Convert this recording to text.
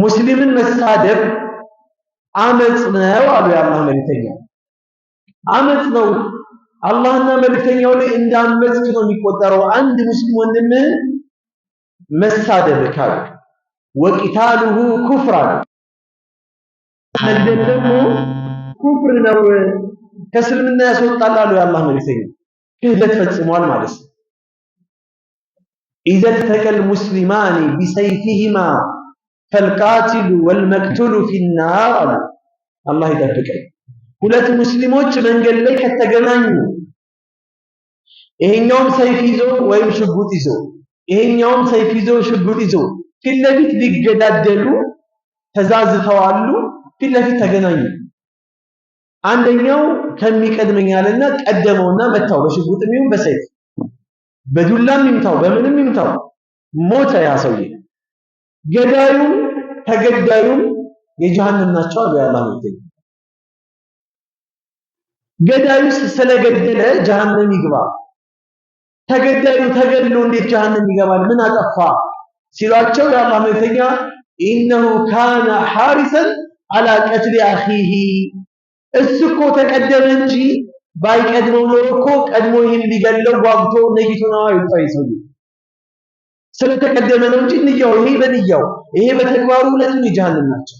ሙስሊምን መሳደብ አመጽ ነው አሉ የአላህ መልእክተኛ። አመጽ ነው አላህና መልእክተኛው ላይ እንዳመጽ ነው የሚቆጠረው አንድ ሙስሊም ወንድምህ መሳደብ ካሉ ወቂታሉሁ ኩፍራ መግደል ደግሞ ኩፍር ነው ከእስልምና ያስወጣል አሉ የአላህ መልእክተኛ። ክህደት ፈጽሟል ማለት ነው። ኢዘ ተቀል ሙስሊማኒ ቢሰይፊሂማ ፈልቃቲሉ ወልመቅቱሉ ፊናር አሉ። አላህ ይጠብቀኝ። ሁለት ሙስሊሞች መንገድ ላይ ከተገናኙ ይሄኛውም ሰይፍ ይዞ ወይም ሽጉጥ ይዞ ይሄኛውም ሰይፍ ይዞ ሽጉጥ ይዞ ፊትለፊት ለፊት ሊገዳደሉ ተዛዝተዋሉ። ፊት ለፊት ተገናኙ። አንደኛው ከሚቀድመኝ ከሚቀድመኛልና ቀደመውና መታው። በሽጉጥም ይሁን በሰይፍ በዱላም ይምታው በምንም ይምታው ሞተ ያ ሰውዬ ገዳዩም ተገዳዩም የጀሃነም ናቸው አሉ ያላህ ወደኝ ገዳዩ ስለገደለ ጀሃነም ይግባ። ተገዳዩ ተገድሎ እንዴት ጀሃነም ይገባል? ምን አጠፋ ሲሏቸው የአላህ መልእክተኛ ኢነሁ ካነ ሐሪሰን አላ ቀትል አኺሂ እሱ እኮ ተቀደመ እንጂ ባይቀድመው ኖሮ እኮ ቀድሞ ይህን ሊገለው ጓጉቶ ነይቶ ነው አይወጣ ይሰው ስለተቀደመ ነው እንጂ ንያው ይሄ በንያው ይሄ በተግባሩ ሁለቱም የጀሃነም ናቸው።